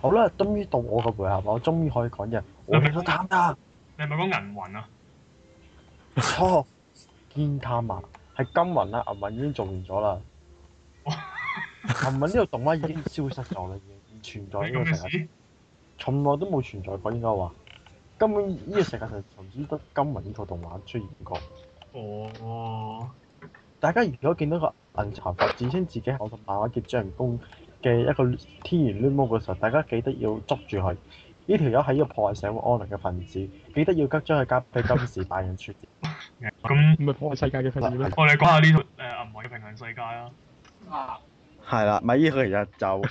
好啦，終於到我個回合，我終於可以講嘢。我係個探探，你係咪講銀魂啊？錯、 哦，堅探嘛，係金魂啦。銀魂已經做完咗啦。哇 銀魂呢個動畫已經消失咗啦，已經唔存在呢個世界。從來都冇存在過，應該話。根本呢個世界就從此得金魂呢套動畫出現過。哦。大家如果見到個銀茶佛自稱自己係我同漫畫嘅主人公。嘅一個天然亂魔嘅時候，大家記得要捉住佢。呢條友係一個破壞社會安寧嘅分子，記得要急將佢交俾今時大人處理。咁咪 那破壞世界嘅分子咧？我哋講下呢套誒《銀、呃、嘅平行世界》啊，係啦， 咪呢個其實就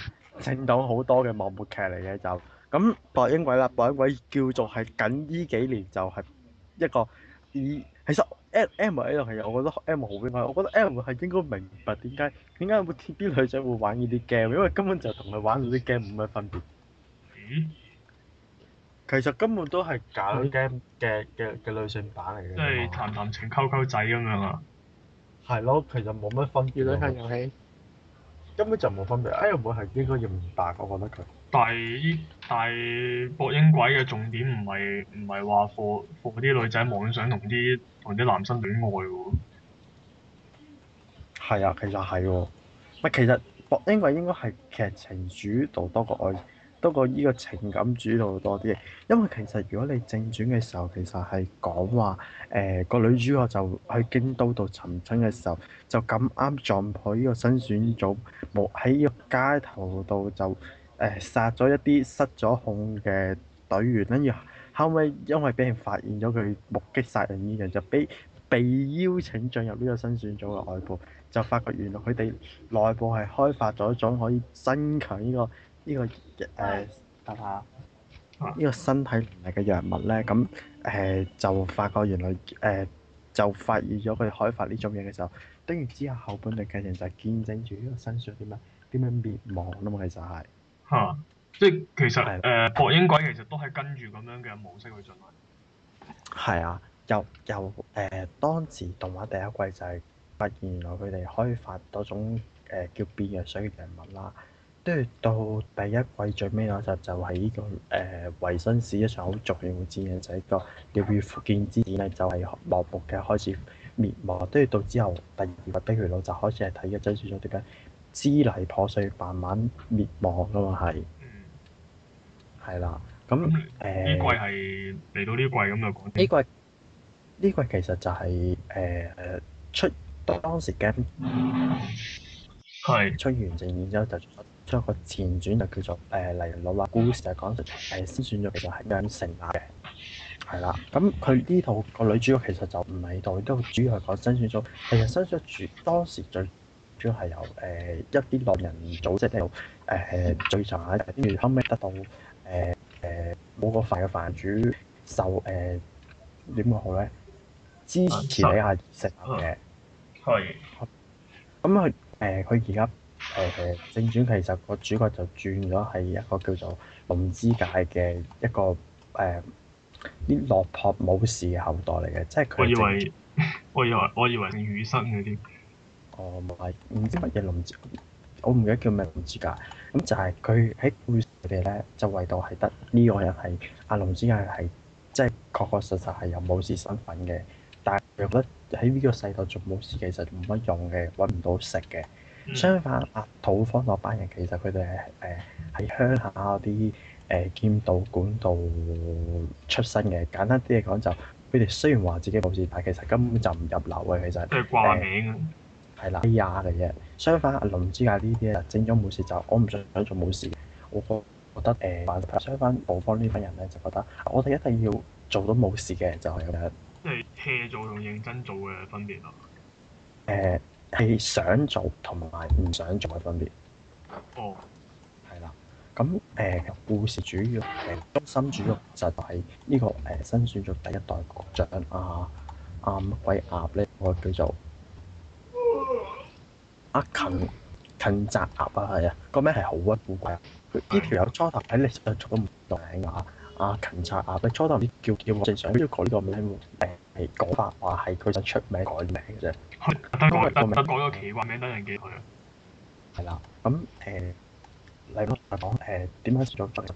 聽到好多嘅幕末劇嚟嘅就咁。布英偉啦，布英偉叫做係近呢幾年就係一個以喺。M 或 A 係啊，我覺得 M 好啲，我覺得 M 係應該明白點解點解會啲女仔會玩呢啲 game，因為根本就係同佢玩嗰啲 game 冇乜分別。嗯？其實根本都係搞 game 嘅嘅嘅女性版嚟嘅。即係談談情溝溝仔咁樣啊？係咯，其實冇乜分別。娛樂型遊戲根本就冇分別，M 係應該明白，我覺得佢。但係但係博英鬼嘅重點唔係唔係話，俾啲女仔妄想同啲同啲男生戀愛喎。係啊，其實係喎、啊，其實博英鬼應該係劇情主導多過愛，多過呢個情感主導多啲。因為其實如果你正傳嘅時候，其實係講話誒個女主角就去京都度尋親嘅時候，就咁啱撞破呢個新選組，冇喺呢個街頭度就。誒殺咗一啲失咗控嘅隊員，跟住後尾因為俾人發現咗佢目擊殺人呢樣，就俾被，被邀請進入呢個新選組嘅內部，就發覺原來佢哋內部係開發咗一種可以增強呢、呢個呢、呢個誒等下呢個身體能力嘅藥物咧，咁誒、呃、就發覺原來誒、呃、就發現咗佢開發呢種嘢嘅時候，跟住之後後半段劇情就係見證住呢個新選組點樣點樣滅亡吖嘛，其實係。嚇！即係、嗯嗯、其實誒《薄、嗯、櫻鬼》其實都係跟住咁樣嘅模式去進行。係啊，又又誒當時動畫第一季就係發現原來佢哋開發多種誒叫變若水嘅人物啦。跟住到第一季最尾嗰集就係呢、這個誒、呃、維新史一場好重要嘅戰役就係、是、個鳥羽伏見之戰呢，就係幕末嘅開始滅亡。跟住到之後第二個碧血錄就開始係睇嘅真輸咗啲解。支離破碎，慢慢滅亡㗎嘛，係，係啦、嗯。咁呢那季係嚟到呢季咁就講呢季呢季，季其實就係、是、誒、呃、出當時 game、嗯、出完正演之後，後就做咗個前傳，就叫做誒《黎人路》啦。故事就講誒新選咗其實係兩成啊嘅，係啦。咁佢呢套個女主角其實就唔係度，演，都主要係講新選組，係新選組最當時最。主要係由誒一啲浪人組織追，喺度誒聚查，跟住後尾得到誒誒某個藩嘅藩主受誒點、呃、好咧，支持你阿食嘅係，咁佢誒佢而家誒誒正傳，其實個主角就轉咗係一個叫做龍之界嘅一個誒啲落魄武士嘅後代嚟嘅，即係佢。以為我以為我以為係魚生啲。我買唔知乜嘢龍子，我唔記得叫咩龍子㗎。咁就係佢喺故事入邊咧，就唯獨係得呢個人係阿龍子，係係即係確確實實係有武士身份嘅。但係佢覺得喺呢個世道做武士，其實冇乜用嘅，揾唔到食嘅。相反，啊，阿土方那班人其實佢哋係誒喺鄉下啲誒劍道館度出身嘅。簡單啲嚟講就，佢哋雖然話自己武士，但係其實根本就唔入流嘅。其實都係掛名。呃係啦，咿呀嘅啫。相反，阿林之介呢啲咧，正宗武士就我唔想想做武士。我覺覺得誒、呃，相反，我方呢班人咧就覺得，我哋一定要做到武士嘅就係咁樣。即係 hea 做同認真做嘅分別咯、啊。誒係、呃、想做同埋唔想做嘅分別。哦、oh.。係啦。咁、呃、誒，故事主要誒中心主要就係呢、這個誒、呃、新選咗第一代局長阿阿乜鬼鴨咧，我叫做。阿、啊、勤勤扎鴨啊，係啊，名名啊個名係好屈古怪啊！呢條友初頭喺歷史上做咗唔名㗎嚇，阿勤扎鴨嘅初頭唔知叫叫我正常，都要改呢個名名講白話係佢就出名改名嘅啫，改個、嗯啊、名，改咗奇怪名等人記佢、嗯、啊。係啦，咁誒嚟咯，嚟講誒點樣轉咗身？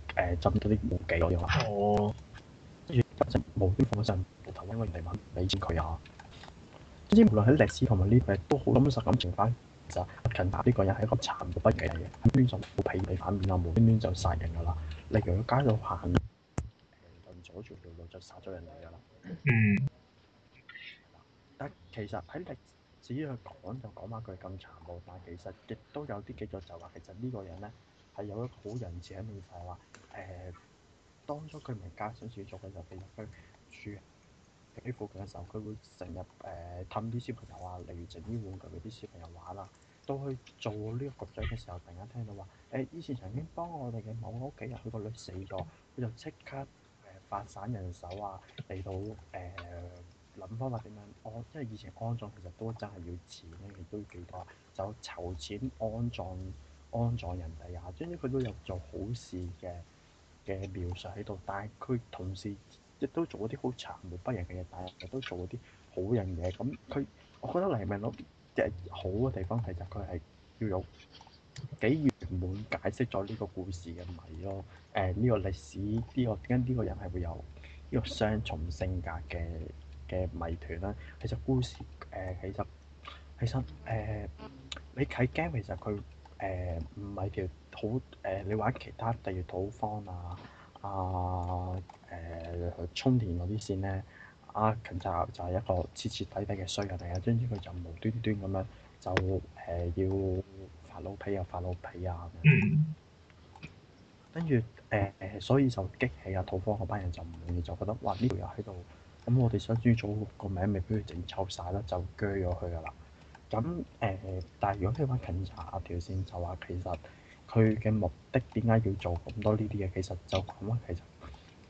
誒，浸多啲武技嗰啲咯，跟住冇端端上台，應該人哋問理錢佢啊。總之，無論喺歷史同埋呢，都好真實咁整翻，就近代呢個人係咁殘暴不羈嘅，喺邊度冇皮反面啊，無端端就殺人噶啦。例如喺街度行，誒，攔阻住條路就殺咗人哋噶啦。嗯。但其實喺歷史去講就講翻佢咁殘暴，但其實亦都有啲記載就話，其實呢個人咧。有一個好人設喺裏邊，就係話：誒，當初佢唔家薪續作嘅時候，入去住俾附近嘅時候，佢會成日誒氹啲小朋友啊，嚟整啲玩具俾啲小朋友玩啦、啊。到去做呢個局仔嘅時候，突然間聽到話：誒、欸，以前曾經幫我哋嘅某個屋企人，佢個女死咗，佢就即刻誒、呃、發散人手啊，嚟到誒諗方法點樣，我、哦、因為以前安葬其實都真係要錢嘅，亦都幾多，就籌錢安葬。安葬安葬人哋啊！總之佢都有做好事嘅嘅描述喺度，但係佢同時亦都做咗啲好殘酷不仁嘅嘢，但係亦都做咗啲好人嘢。咁、嗯、佢我覺得黎明即嘅好嘅地方其實佢係要有幾完滿解釋咗呢個故事嘅謎咯。誒、呃、呢、呢個歷史呢、呢個點解呢個人係會有呢個雙重性格嘅嘅謎團啦。其實故事誒、呃、其實其實誒、呃、你睇 game 其實佢。誒唔係條土，誒、呃呃，你話其他例如土方啊、啊誒、沖田嗰啲線咧，阿近集就係一個徹徹底底嘅衰人嚟嘅，跟住佢就無端端咁樣就誒、呃、要發老脾啊、發老脾啊跟住誒誒，所以就激起啊土方嗰班人就唔容易，就覺得哇呢條友喺度，咁、嗯、我哋想知咗個名，咪俾佢整臭晒咯，就鋸咗佢噶啦。咁誒、呃，但係如果你話秦紂阿條線就，就話其實佢嘅目的點解要做咁多呢啲嘢？其實就咁話其實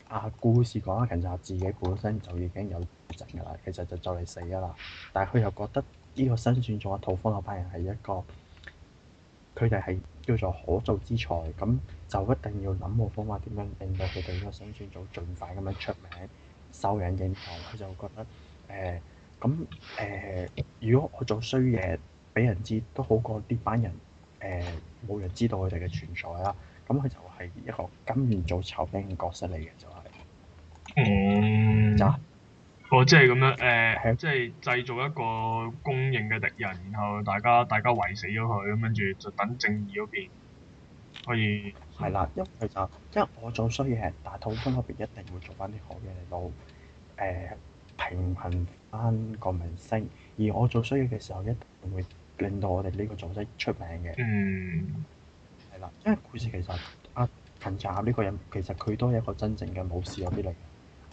阿、啊、故事講緊秦紂自己本身就已經有病㗎啦，其實就就嚟死㗎啦。但係佢又覺得呢個新選組啊、土方嗰班人係一個佢哋係叫做可造之材，咁就一定要諗個方法點樣令到佢哋呢個新選組儘快咁樣出名受人認同。佢就覺得誒。呃咁誒、呃，如果我做衰嘢，俾人知都好過啲班人誒冇、呃、人知道佢哋嘅存在啦。咁佢就係一個甘願做炒兵嘅角色嚟嘅，就係、是。嗯、看哦。嗱、就是。哦、呃，即係咁樣誒，即係製造一個公認嘅敵人，然後大家大家圍死咗佢，跟住就等正義嗰邊可以係啦。因係就因為我做衰嘢，但係統分嗰邊一定會做翻啲好嘢嚟到誒。呃平衡翻個明星，而我做衰嘅時候一定會令到我哋呢個組織出名嘅。嗯，係啦，因為故事其實阿、啊、芹澤呢個人其實佢都係一個真正嘅武士。有啲嚟，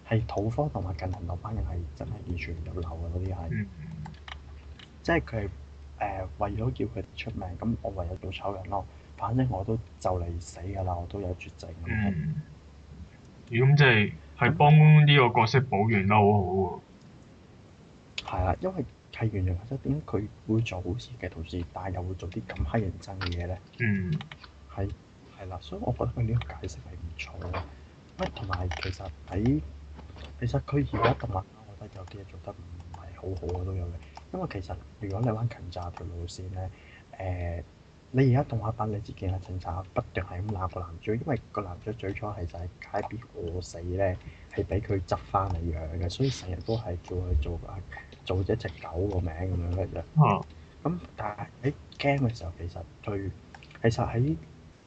係土方同埋近藤嗰班人係真係完全唔入流嗰啲係。嗯、即係佢誒為咗叫佢出名，咁我唯有做醜人咯。反正我都就嚟死㗎喇，我都有絕症。嗯。如果即係。嗯。係幫呢個角色補完得好好喎。係啊，因為係完全或者點佢會做好事嘅同時，但係又會做啲咁乞人憎嘅嘢咧？嗯。係係啦，所以我覺得佢呢個解釋係唔錯嘅。乜同埋其實喺其實佢而家動物，我覺得有啲嘢做得唔係好好啊都有嘅。因為其實如果你玩勤雜條路線咧，誒、欸。你而家動畫版，你只見係偵察不斷係咁鬧個男主，因為個男主最初係就喺街邊餓死咧，係俾佢執翻嚟養嘅，所以成日都係叫佢做個做一隻狗個名咁樣嘅啫。咁、嗯嗯、但係喺 game 嘅時候，其實最其實喺誒、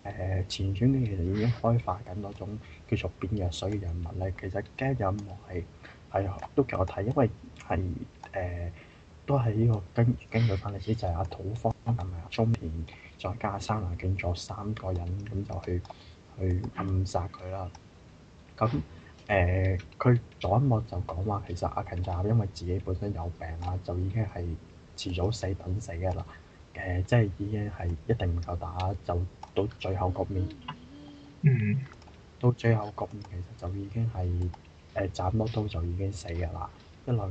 呃、前傳嘅其實已經開發緊嗰種叫做變藥水嘅人物咧。其實 game 有幕係都幾好睇，因為係誒、呃、都係呢、這個根經典嘅歷史就係、是、阿土方同埋阿松再加三眼警座三個人咁就去去暗殺佢啦。咁誒，佢、呃、左一幕就講話，其實阿秦就因為自己本身有病啦，就已經係遲早死等死嘅啦。誒、呃，即係已經係一定唔夠打，就到最後局面。嗯、到最後局面其實就已經係誒、呃、斬多刀就已經死嘅啦。一來誒，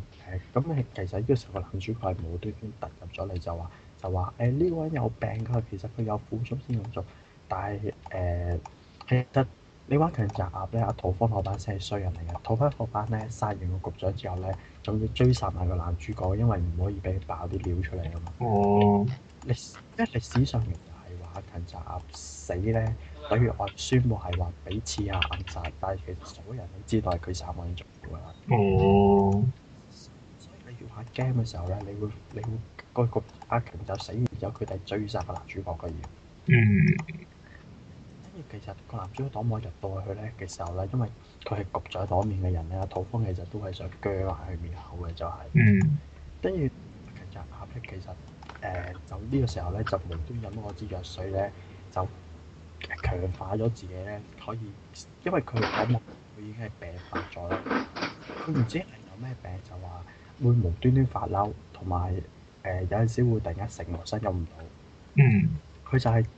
咁其實呢個時候個男主角冇端端突入咗嚟就話。就話，誒，呢個人有病，佢其實佢有苦衷先咁做，但係誒、呃、其實呢芹澤鴨咧，阿土方貨班先係衰人嚟嘅。土方貨班咧，殺完個局長之後咧，就要追殺埋個男主角，因為唔可以俾佢爆啲料出嚟啊嘛。哦、oh.。你即係歷史上面係話芹澤鴨死咧，比如外宣話係話俾刺下、啊、暗殺，但係其實所有人都知道係佢殺萬眾嘅。哦。Oh. g a 嘅時候咧，你會你個、那個阿強就死完咗，佢哋追殺個男主角嘅嘢。嗯。跟住其實個男主角當我入到去咧嘅時候咧，因為佢係焗在當面嘅人咧，土方其實都係想鋸埋佢面口嘅，就是嗯呃，就係。嗯。跟住其藥品其實誒，就呢個時候咧，就凌端飲咗支藥水咧，就強化咗自己咧，可以因為佢當我佢已經係病發咗，佢唔知係有咩病，就話。會無端端發嬲，同埋誒有陣、呃、時會突然間成個身飲唔到。佢、嗯、就係、是、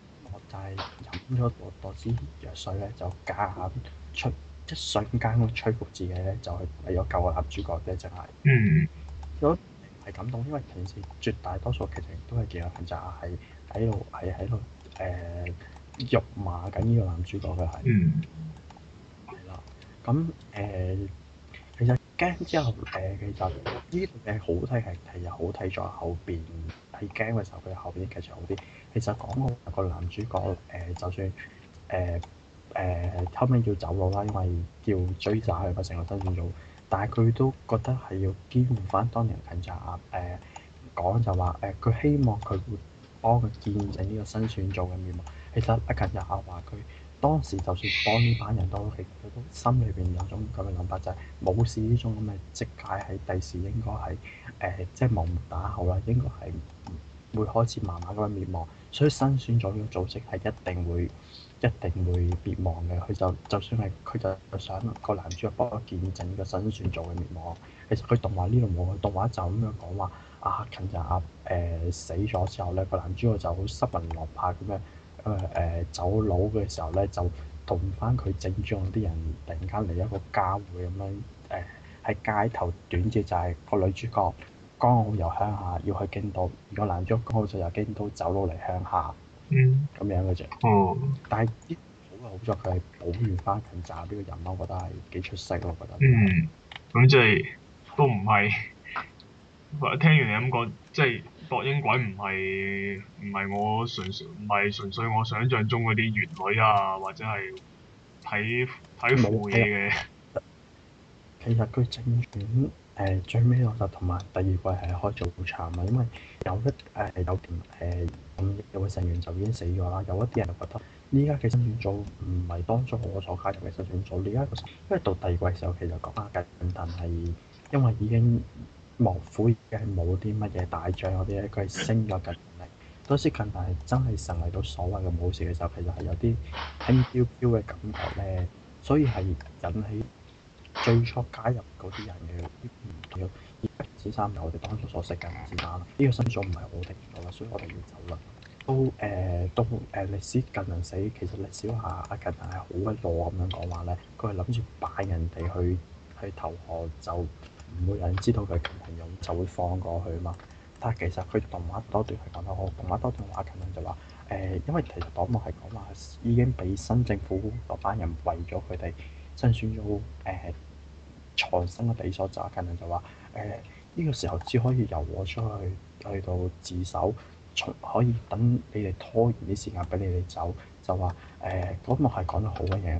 就係飲咗多支藥水咧，就夾硬出，一瞬間咁吹服自己咧，就係為咗救個男主角啫。就係、是。嗯、如果係感動，因為平時絕大多數其實都係幾有掙扎，係喺度係喺度誒辱罵緊呢個男主角嘅係。嗯。係啦，咁誒。呃驚之後，誒、呃、其實呢部好睇係係又好睇在後邊喺驚嘅時候，佢後邊啲劇情好啲。其實講個個男主角誒、呃，就算誒誒、呃呃、後尾要走佬啦，因為要追查佢嘛，成個新選組。但係佢都覺得係要兼顧翻當年近宅誒，講、呃、就話誒，佢、呃、希望佢會幫佢見證呢個新選組嘅面目。其實阿近也話佢。當時就算幫呢班人，都到佢都心裏邊有種咁嘅諗法就、呃，就係冇事呢種咁嘅積解，喺第時應該係，誒即係亡打後啦，應該係會開始慢慢咁樣滅亡，所以新選組呢個組織係一定會一定會滅亡嘅。佢就就算係佢就想個男主角幫佢見證個新選組嘅滅亡，其實佢動畫呢度冇，動畫就咁樣講話阿近就阿誒死咗之後咧，個男主角就好失魂落魄咁樣。咁啊、呃、走佬嘅時候咧，就同翻佢正仗啲人突然間嚟一個交會咁樣，誒喺、呃、街頭短嘅就係、是、個女主角剛好由鄉下要去京都，如果男主角剛好就由京都走佬嚟鄉下，嗯，咁樣嘅啫。哦，但係是啲、哦、好嘅好作，佢係保護翻近宅呢個人咯，我覺得係幾出色。咯，我覺得。嗯，咁即係都唔係。我聽完你咁講，即係。博英鬼唔係唔係，我純粹唔係純粹我想象中嗰啲閲女啊，或者係睇睇舞會嘅。其實佢正片誒、呃、最尾我就同埋第二季係開做調查，啊，因為有一誒、呃、有啲咁、呃、有嘅成員就已經死咗啦，有一啲人就覺得依家嘅真相組唔係當中我所介紹嘅真相組，呢家個因為到第二季嘅時候其實講下嘅，但係因為已經。王府已經係冇啲乜嘢大將嗰啲咧，佢係升咗近力。當時近力係真係成為咗所謂嘅武士嘅時候，其實係有啲輕飄飄嘅感覺咧，所以係引起最初加入嗰啲人嘅唔同。而白子山就我哋當初所識嘅白子山，呢、這個新組唔係我哋嘅，所以我哋要走啦。都誒、呃，都誒、呃，歷史近人死，其實歷史下阿近力係好鬼傻咁樣講話咧，佢係諗住擺人哋去去投降就。唔會有人知道佢嘅朋友就會放過去嘛，但係其實佢動畫多段係講得好，動畫多段話，可能就話誒，因為其實黨務係講話已經俾新政府落班人為咗佢哋爭取咗誒藏身嘅地所，就可能就話誒，呢、呃這個時候只可以由我出去去到自首。可以等你哋拖延啲時間俾你哋走，就話誒，嗰幕係講得好嘅嘢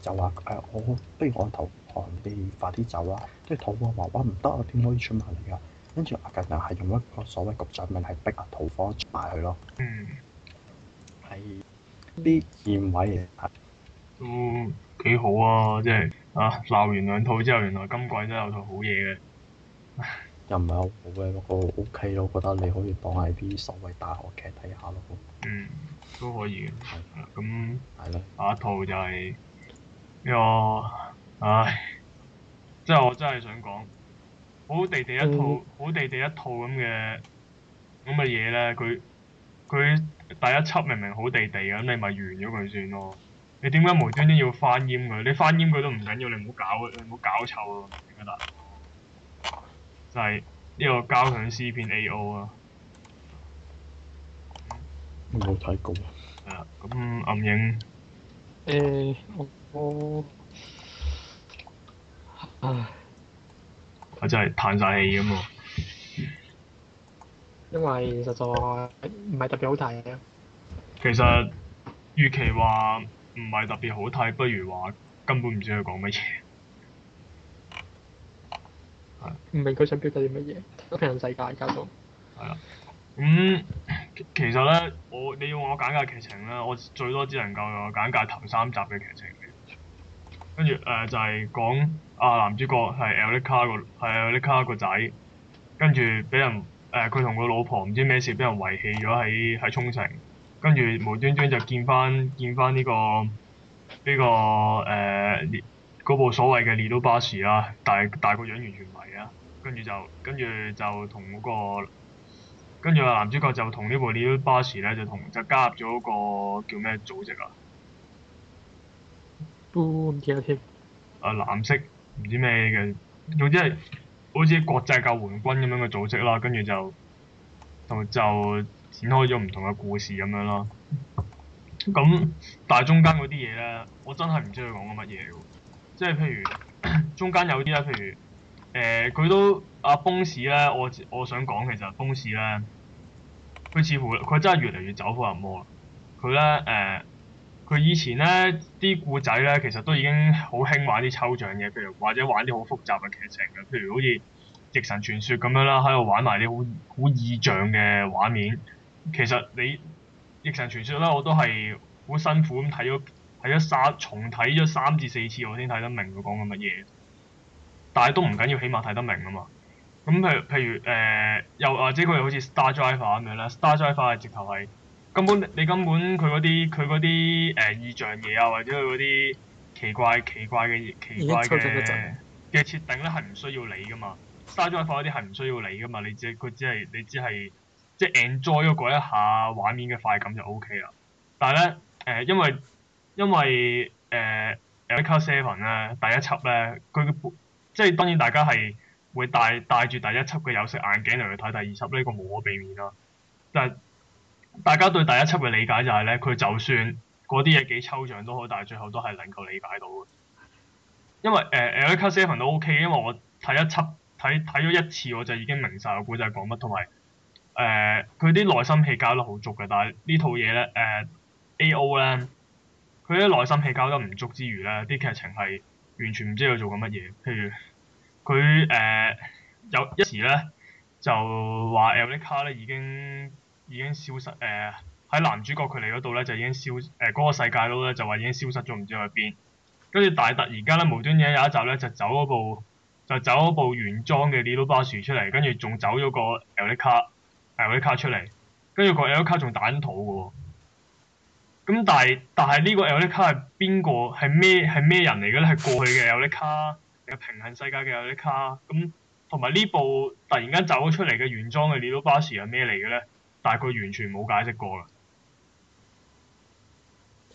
就就話、欸、我不如我同、哦、你快啲走啦、啊，即係土方話，哇唔得啊，點可以出埋嚟噶？跟住阿近又係用一個所謂局長命係逼阿土方出埋去咯。嗯，係啲演員啊，都幾好啊！即係啊，鬧完兩套之後，原來今季都有套好嘢嘅。又唔係好好嘅，不過 O K 我覺得你可以當係啲所謂大學劇睇下咯。嗯，都可以嘅。係咁係咯。下一套就係呢個，唉，即係我真係想講，好地地一套，好地地一套咁嘅咁嘅嘢咧，佢佢第一輯明明好地地嘅，咁你咪完咗佢算咯。你點解無端端要翻閹佢？你翻閹佢都唔緊要，你唔好搞，你唔好搞臭啊！明白？就係呢個交響詩篇 A.O. 啊，冇睇過。係啊，咁暗影，誒我我啊，我真係嘆晒氣咁啊！ 因為實在唔係特別好睇。 其實與其話唔係特別好睇，不如話根本唔知佢講乜嘢。唔明佢想表達啲乜嘢。《平凡世界》搞到。係啊，咁、嗯、其實咧，我你要我簡介劇情咧，我最多只能夠我簡介頭三集嘅劇情，跟住誒、呃、就係、是、講啊男主角，係 Elicar，個係 Elicar 個仔，跟住俾人誒佢同個老婆唔知咩事俾人遺棄咗喺喺沖繩，跟住無端端就見翻見翻呢、這個呢、這個誒。呃嗰部所謂嘅《Little Bus》啊，大大個樣完全唔係啊，跟住就跟住就同嗰、嗰個，跟住啊男主角就同呢部《Little Bus》咧，就同就加入咗嗰個叫咩組織啊？唔記得添。藍色唔知咩嘅，總之係好似國際救援軍咁樣嘅組織啦，跟住就就，就展開咗唔同嘅故事咁樣啦。咁、嗯、但係中間嗰啲嘢咧，我真係唔知佢講緊乜嘢。即係譬如中間有啲啦，譬如誒佢、呃、都阿崩市咧，我我想講其實崩市咧，佢似乎佢真係越嚟越走火入魔啦。佢咧誒，佢、呃、以前咧啲故仔咧，其實都已經好興玩啲抽象嘅，譬如或者玩啲好複雜嘅劇情嘅，譬如好似《翼神傳說》咁樣啦，喺度玩埋啲好好異象嘅畫面。其實你《翼神傳說》咧，我都係好辛苦咁睇咗。睇咗三重睇咗三至四次，我先睇得明佢講緊乜嘢。但係都唔緊要，起碼睇得明啊嘛。咁譬如譬如誒、呃，又或者佢又好似 Star Driver 咁樣啦。Star Driver 嘅直頭係根本你根本佢嗰啲佢嗰啲誒意象嘢啊，或者佢嗰啲奇怪奇怪嘅奇怪嘅嘅設定咧，係唔需要理噶嘛。Star Driver 嗰啲係唔需要理噶嘛，你只佢只係你只係即係 enjoy 過一下畫面嘅快感就 OK 啦。但係咧誒，因為因為誒《e、呃、l d a Seven》咧，第一輯咧，佢即係當然大家係會戴帶住第一輯嘅有色眼鏡嚟去睇第二輯，呢個無可避免咯。但係大家對第一輯嘅理解就係咧，佢就算嗰啲嘢幾抽象都好，但係最後都係能夠理解到嘅。因為誒《e、呃、l d a Seven》都 OK，因為我睇一輯睇睇咗一次，我就已經明曬個故仔講乜，同埋誒佢啲內心戲交得好足嘅。但係呢套嘢咧誒 A.O. 咧。呃佢啲內心戲交得唔足之餘咧，啲劇情係完全唔知佢做緊乜嘢。譬如佢誒、呃、有一時咧就話 L 卡咧已經已經消失誒，喺、呃、男主角佢哋嗰度咧就已經消誒嗰、呃嗰個世界都咧就話已經消失咗，唔知去邊。跟住大特而家咧無端嘢有一集咧就走嗰部就走嗰部原裝嘅李魯巴士出嚟，跟住仲走咗個 L 卡 L 卡出嚟，跟住個 L 卡仲打緊土喎。咁、嗯、但係但係呢個艾力卡係邊個？係咩係咩人嚟嘅咧？係過去嘅艾力卡定係平行世界嘅艾力卡，咁同埋呢部突然間走咗出嚟嘅原裝嘅列多巴士係咩嚟嘅咧？但係佢完全冇解釋過啦。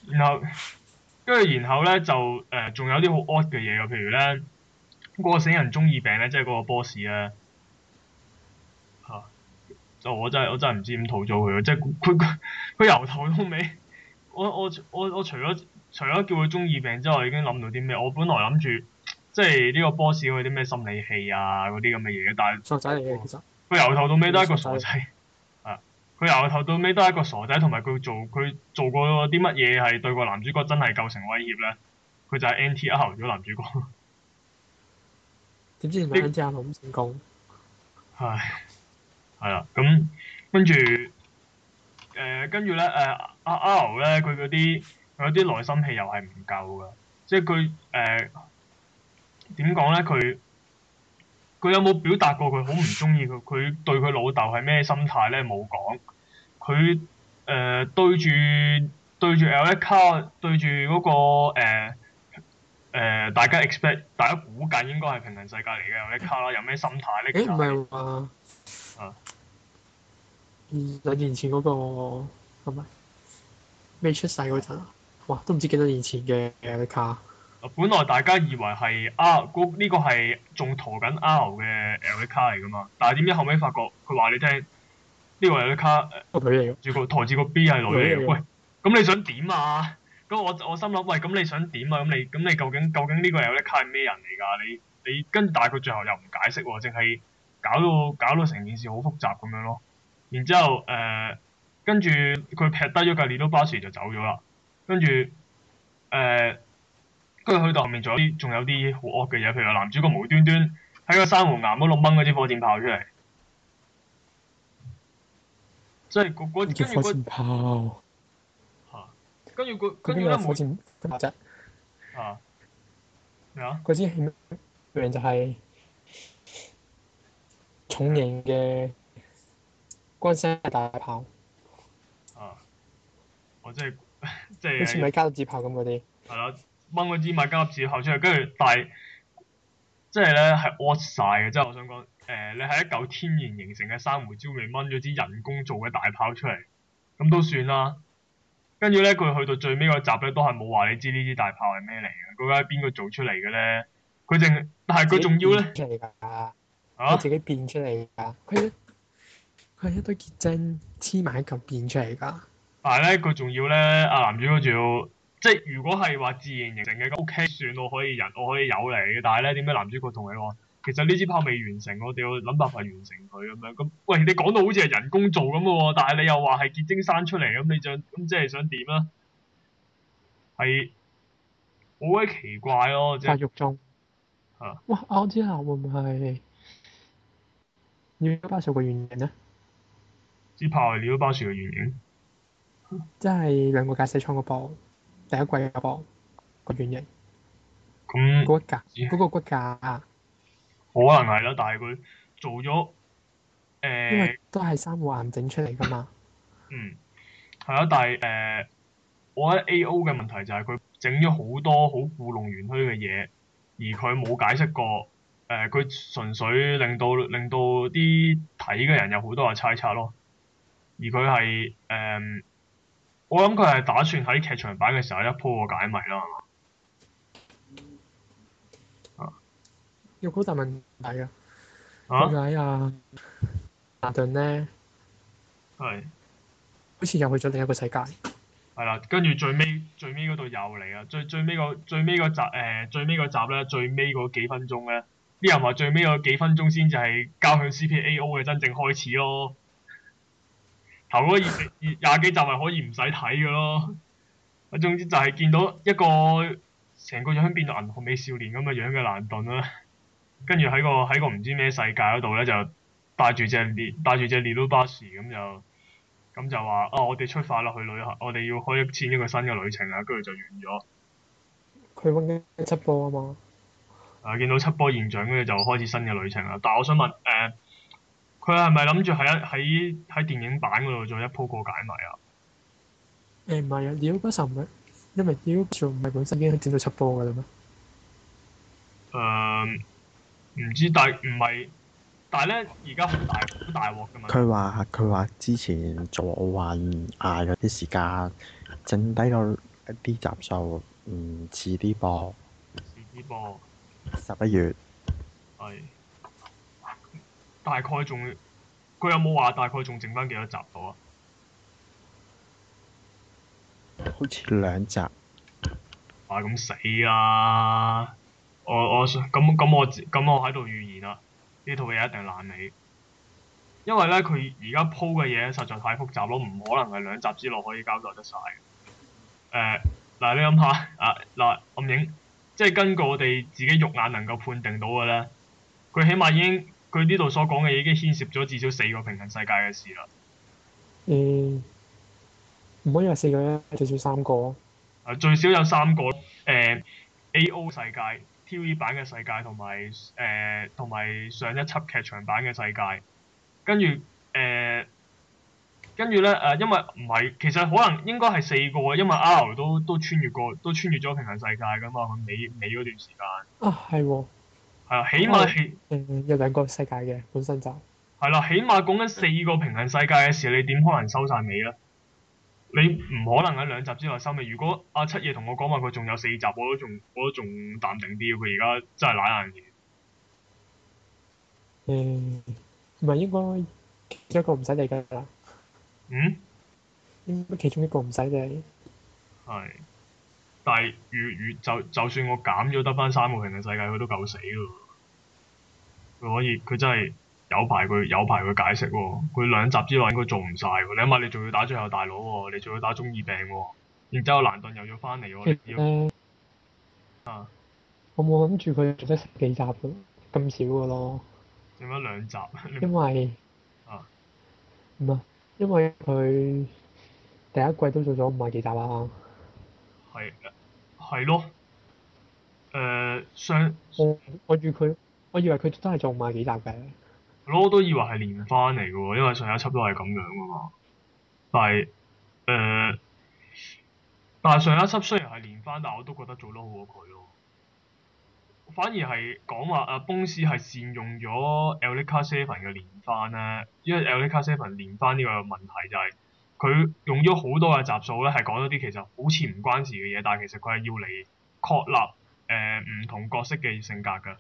然後跟住然後咧就誒，仲、呃、有啲好 odd 嘅嘢嘅，譬如咧嗰、那個死人中二病咧，即係嗰個 boss 啊嚇！就我真係我真係唔知點吐槽佢嘅，即係佢佢佢由頭到尾。我我我我除咗除咗叫佢中二病之外，已經諗到啲咩？我本來諗住即係呢個 boss 有啲咩心理戲啊，嗰啲咁嘅嘢，但係傻仔佢由頭到尾都係一個傻仔。係。佢由 頭到尾都係一個傻仔，同埋佢做佢做過啲乜嘢係對個男主角真係構成威脅咧？佢就係 NTR 咗男主角。點 知唔係咁成功？係 。係啦，咁跟住。誒跟住咧，誒阿阿牛咧，佢嗰啲佢嗰啲內心戲又係唔夠㗎，即係佢誒點講咧？佢、呃、佢有冇表達過佢好唔中意佢？佢對佢老豆係咩心態咧？冇講。佢誒、呃、對住對住 Eva，對住嗰、那個誒、呃呃、大家 expect，大家估計應該係平行世界嚟嘅 Eva 啦，有咩心態咧？其唔係兩年前嗰、嗰個係咪未出世嗰陣哇，都唔知幾多年前嘅 L 卡。本來大家以為係 R 呢個係仲駝緊 R 嘅 L 卡嚟噶嘛？但係點解後尾發覺佢話你聽呢、呢個 L 卡女嚟住個駝住個 B 係女嚟嘅。喂，咁你想點啊？咁我我心諗，喂，咁你想點啊？咁你咁你究竟究竟呢個 L 卡係咩人嚟㗎？你你跟，但係佢最後又唔解釋喎，淨係搞到搞到成件事好複雜咁樣咯。然之後，誒、呃，跟住佢劈低咗架列多巴士就走咗啦。跟住，跟住去到後面仲有啲，仲有啲好惡嘅嘢，譬如話男主角無端端喺個珊瑚岩嗰度掹嗰支火箭炮出嚟，嗯、即係嗰嗰跟住嗰火箭炮，哈跟住嗰嗰啲咩火箭炮？咩啊？嗰啲係就係重型嘅。嗯關西大炮，啊，我即係即係好似咪加粒子炮咁嗰啲，係啦，掹嗰支咪加粒子炮出嚟，跟住但係，即係咧係惡晒嘅，即係我想講，誒、呃、你係一嚿天然形成嘅珊瑚礁，咪掹咗支人工做嘅大炮出嚟，咁都算啦。跟住咧，佢去到最尾嗰集咧，都係冇話你知呢啲大炮係咩嚟嘅，究竟邊個做出嚟嘅咧？佢仲但係佢仲要咧，自己變出嚟㗎，啊，自己變出嚟㗎，啊 係一堆結晶黐埋一嚿變出嚟噶，但係咧佢仲要咧，阿、啊、男主角仲要，即係如果係話自然形成嘅，OK，算我可以人，我可以有你嘅。但係咧，點解男主角同你話其實呢支炮未完成，我哋要諗辦法完成佢咁樣？咁餵你講到好似係人工做咁喎，但係你又話係結晶生出嚟咁，你想咁即係想點啊？係，好鬼奇怪咯，即係發育中嚇。哇！我知啦，會唔係要巴索嘅原因咧？啲炮料包住嘅原因，即係兩個駕駛艙嗰波，第一季嗰部、嗰個原型，個骨架嗰個骨架，可能係啦，但係佢做咗誒，欸、因為都係三個環整出嚟噶嘛。嗯，係啊，但係誒、欸，我覺得 A.O. 嘅問題就係佢整咗好多好故弄玄虛嘅嘢，而佢冇解釋過。誒、欸，佢純粹令到令到啲睇嘅人有好多嘅猜測咯。而佢係誒，我諗佢係打算喺劇場版嘅時候一鋪個解謎啦，啊，有好大問題啊，點解啊？啊」「阿頓呢？係的，好似又去咗另一個世界。係啦，跟住最尾最尾嗰度又嚟啊！最最尾個最尾集誒，最尾集咧，最尾嗰、呃、幾分鐘咧，啲人話最尾嗰幾分鐘先至係交響 C P A O 嘅真正開始咯。頭嗰廿幾集係可以唔使睇嘅咯，啊，總之就係見到一個成個樣變到銀河美少年咁嘅樣嘅蘭盾啦， 跟住喺個喺個唔知咩世界嗰度咧，就帶住隻列帶住隻獵鷹巴士咁就咁就話啊，我哋出發啦，去旅行，我哋要開始一個新嘅旅程啦，跟住就完咗。佢揾緊七波啊嘛。是是啊，見到七波現象，跟住就開始新嘅旅程啦。但係我想問誒。呃佢係咪諗住喺喺喺電影版嗰度做一鋪過解謎啊？誒唔係啊！屌嗰時候唔係，因為屌仲唔係本身已經接到出波噶啦咩？誒唔知，但係唔係，但係咧而家好大好大鑊噶嘛？佢話佢話之前做奧運挨咗啲時間，剩低個一啲集數唔遲啲播。遲啲播。十一月。係。大概仲佢有冇話大概仲剩翻幾多集到啊？好似兩集，哇！咁死啊！我我咁咁我咁我喺度預言啦、啊，呢套嘢一定爛尾。因為咧，佢而家鋪嘅嘢實在太複雜咯，唔可能係兩集之內可以交代得晒。誒，嗱、呃，你諗下啊，嗱，暗影，即係根據我哋自己肉眼能夠判定到嘅咧，佢起碼已經。佢呢度所講嘅已經牽涉咗至少四個平行世界嘅事啦。誒、嗯，唔好因為四個咧，最少三個。誒、啊，最少有三個。誒、呃、A.O. 世界、T.V. 版嘅世界同埋誒，同埋、呃、上一輯劇場版嘅世界。跟住誒，跟住咧誒，因為唔係，其實可能應該係四個嘅，因為 R 都都穿越過，都穿越咗平行世界㗎嘛，佢尾尾嗰段時間。啊，係。起碼係一兩個世界嘅本身就係、是、啦，起碼講緊四個平行世界嘅事，你點可能收晒尾咧？你唔可能喺兩集之外之內收尾。如果阿、啊、七爺同我講話，佢仲有四集，我都仲我都仲淡定啲。佢而家真係懶眼嘢。誒，唔係應該一個唔使理㗎。嗯？應該、嗯、其中一個唔使理。係。但係越，越就，就算我減咗得翻三個平行嘅世界，佢都夠死嘅喎。佢可以，佢真係有排佢有排佢解釋喎、哦。佢兩集之內應該做唔晒喎。你諗下，你仲要打最後大佬喎、哦，你仲要打中二病喎、哦。然之後蘭頓又要翻嚟喎，你要。呃、啊！我冇諗住佢做得十幾集咁少嘅咯。點解兩集？ 因為啊，唔係因為佢第一季都做咗五十幾集啊。係。係咯，誒、呃、上我以為佢，我以為佢真係做埋幾集嘅，我都，我都以為係連番嚟嘅喎，因為上一輯都係咁樣嘅嘛，但係誒、呃，但係上一輯雖然係連番，但係我都覺得做得好過佢咯，反而係講話啊，Bones 係善用咗 Eureka Seven 嘅連番咧，因為 Eureka Seven 連番呢個問題就係、是。佢用咗好多嘅集數咧，係講一啲其實好似唔關事嘅嘢，但係其實佢係要嚟確立誒唔、呃、同角色嘅性格㗎。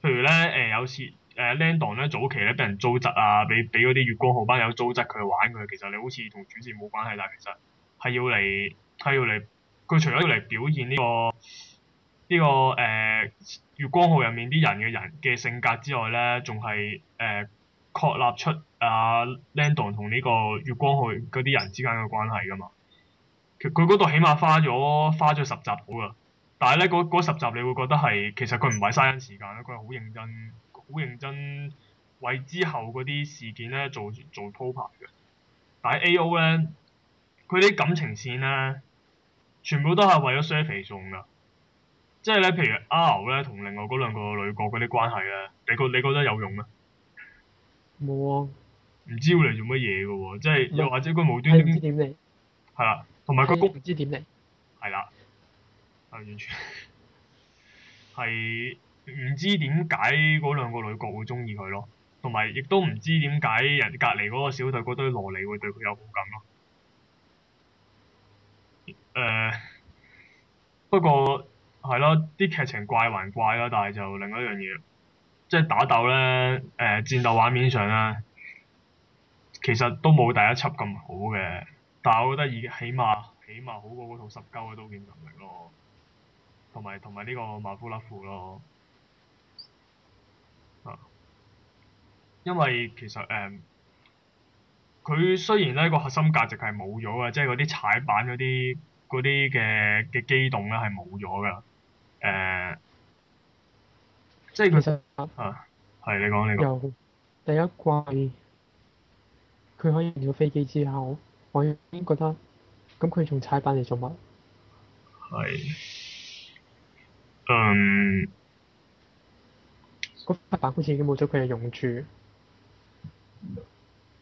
譬如咧，誒、呃、有次誒、呃、Landon 咧，早期咧俾人租質啊，俾俾嗰啲月光號班友租質佢玩佢，其實你好似同主線冇關係，但係其實係要嚟係要嚟，佢除咗要嚟表現呢、呢個呢、呢個誒、呃、月光號入面啲人嘅人嘅性格之外咧，仲係誒、呃確立出阿、啊、Landon 同呢個月光號嗰啲人之間嘅關係噶嘛，佢嗰度起碼花咗花咗十集好噶，但係咧嗰嗰十集你會覺得係其實佢唔係嘥緊時間咯，佢係好認真好認真為之後嗰啲事件咧做做鋪排嘅，但係 A.O 咧佢啲感情線咧全部都係為咗 s p h 收肥送噶，即係咧譬如阿牛咧同另外嗰兩個女角嗰啲關係咧，你覺你覺得有用咩？冇啊！唔知會嚟做乜嘢嘅喎，即係是又或者佢無端端係啊，同埋佢工唔知點嚟係啦，係了完全係唔 知點解嗰兩個女角會中意佢咯，同埋亦都唔知點解人隔離嗰個小隊嗰堆蘿莉會對佢有好感咯。誒、呃、不過係咯，啲劇情怪還怪啦，但係就另一樣嘢。即係打鬥咧，誒、呃、戰鬥畫面上咧，其實都冇第一輯咁好嘅，但係我覺得已經起碼起碼好過嗰套十鳩嘅刀劍神域咯，同埋同埋呢個馬夫甩褲咯，啊，因為其實誒，佢、呃、雖然咧個核心價值係冇咗嘅，即係嗰啲踩板嗰啲嗰啲嘅嘅機動咧係冇咗㗎，誒。呃即係其實，係係、啊、是你講你講。由第一季，佢可以變咗飛機之後，我已經覺得咁佢仲踩板嚟做乜？係。嗯。個飛板好似已經冇咗佢嘅用處。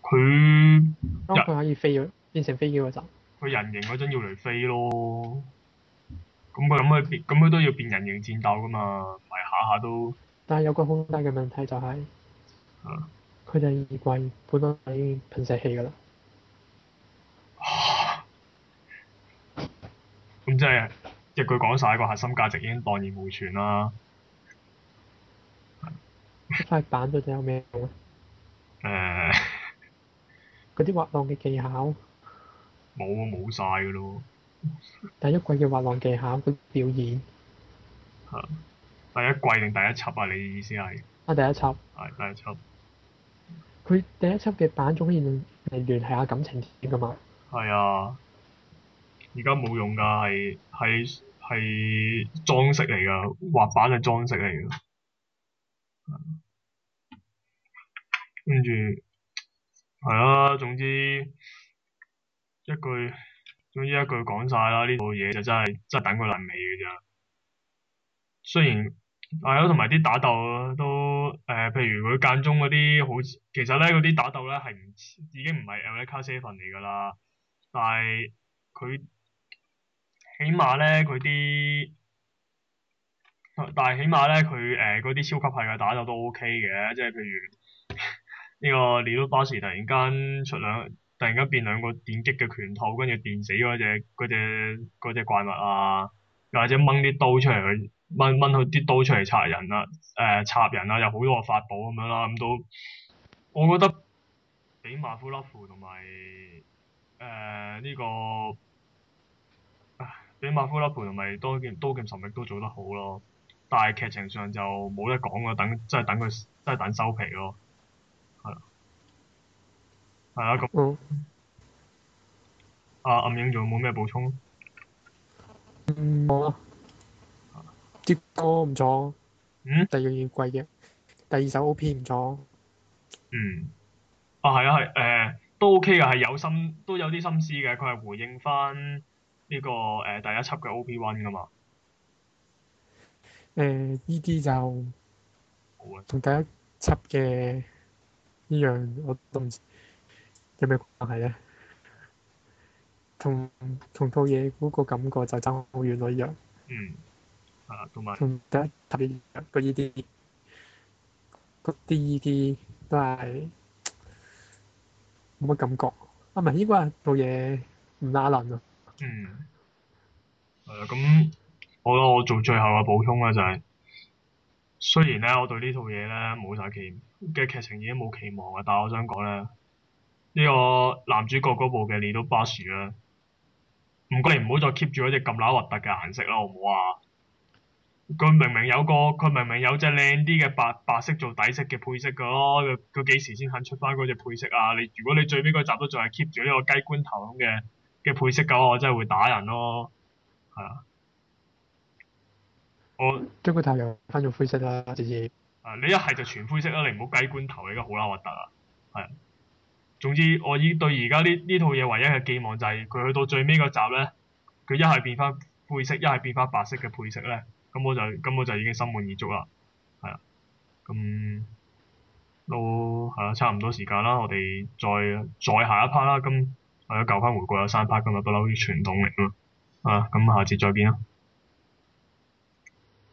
佢入它。當佢可以飛咗，變成飛機嗰陣。佢人形嗰陣要嚟飛咯。咁佢咁佢變，咁佢都要變人形戰鬥噶嘛？但係有個好大嘅問題就係，是，佢第二季本來已經噴射器噶啦，咁、啊、即係一句講晒，個核心價值已經蕩然無存啦。塊板到底有咩用咧？誒、啊，嗰啲 滑浪嘅技巧，冇啊，冇曬噶咯。第一季嘅滑浪技巧嘅表演，啊第一季定第一輯啊？你意思係？啊，第一輯。係第一輯。佢第一輯嘅版總可以嚟聯繫下感情片噶嘛？係啊，而家冇用㗎，係係係裝飾嚟㗎，滑板係裝飾嚟㗎。嗯。跟住係啊，總之一句總之一句講晒啦，呢套嘢就真係真係等佢爛尾㗎啫。雖然。係咯，同埋啲打鬥都，誒、呃，譬如佢間中嗰啲好似，其實咧嗰啲打鬥咧係唔，已經唔係 Minecraft 嚟噶啦，但係佢起碼咧佢啲，但係起碼咧佢誒嗰啲超級派嘅打鬥都 OK 嘅，即係譬如呢 個 l 都巴士突然間出兩，突然間變兩個電擊嘅拳套跟住電死嗰隻嗰隻嗰隻怪物啊，又或者掹啲刀出嚟佢。問問佢啲刀出嚟殺人啦、啊，誒、呃，殺人啦、啊，有好多個法寶咁樣啦，咁、嗯、都，我覺得比馬夫勒盤同埋誒呢個，啊，比馬夫勒盤同埋刀劍刀劍神域都做得好咯，但係劇情上就冇得講咯，等即係等佢，即係等收皮咯，係，係啊，咁，嗯、啊，暗影仲有冇咩補充？嗯，冇、嗯、啦。啲歌唔錯，嗯，第二段貴嘅，第二首 O.P 唔錯，嗯，啊係啊係，誒、呃、都 OK 嘅，係有心都有啲心思嘅，佢係回應翻呢、這個誒、呃、第一輯嘅 O.P One 噶嘛，誒呢啲就同第一輯嘅呢樣的我都唔知有咩關係咧，同同套嘢嗰個感覺就差好遠咗一樣，嗯。同埋同特別弱，啲個啲依啲都係冇乜感覺。啊唔係，應該係套嘢唔打爛啊。嗯，係啊，咁我我做最後嘅補充咧、就是，就係雖然咧我對呢套嘢咧冇晒期嘅劇情已經冇期望啊，但係我想講咧呢、呢個男主角嗰部嘅《你都巴士》啦，唔該唔好再 keep 住嗰隻咁乸核突嘅顏色啦，好唔好啊？佢明明有個，佢明明有隻靚啲嘅白白色做底色嘅配色噶咯。佢佢幾時先肯出翻嗰隻配色啊？你如果你最尾嗰集都仲係 keep 住呢個雞冠頭咁嘅嘅配色嘅話，我真係會打人咯。係啊，我將佢睇翻做灰色啦，直接啊！你一係就全灰色啦，你唔好雞冠頭，你都好撚核突啊。係啊，總之我已經對而家呢呢套嘢唯一嘅寄望就係、是、佢去到最尾嗰集咧，佢一係變翻灰色，一係變翻白色嘅配色咧。咁我就，咁我就已經心滿意足啦，係啊，咁都係啊，差唔多時間啦，我哋再再下一 part 啦，咁係啊，舊翻回顧有三 part，咁咪不嬲啲傳統嚟啊，啊，咁、嗯、下次再見啦～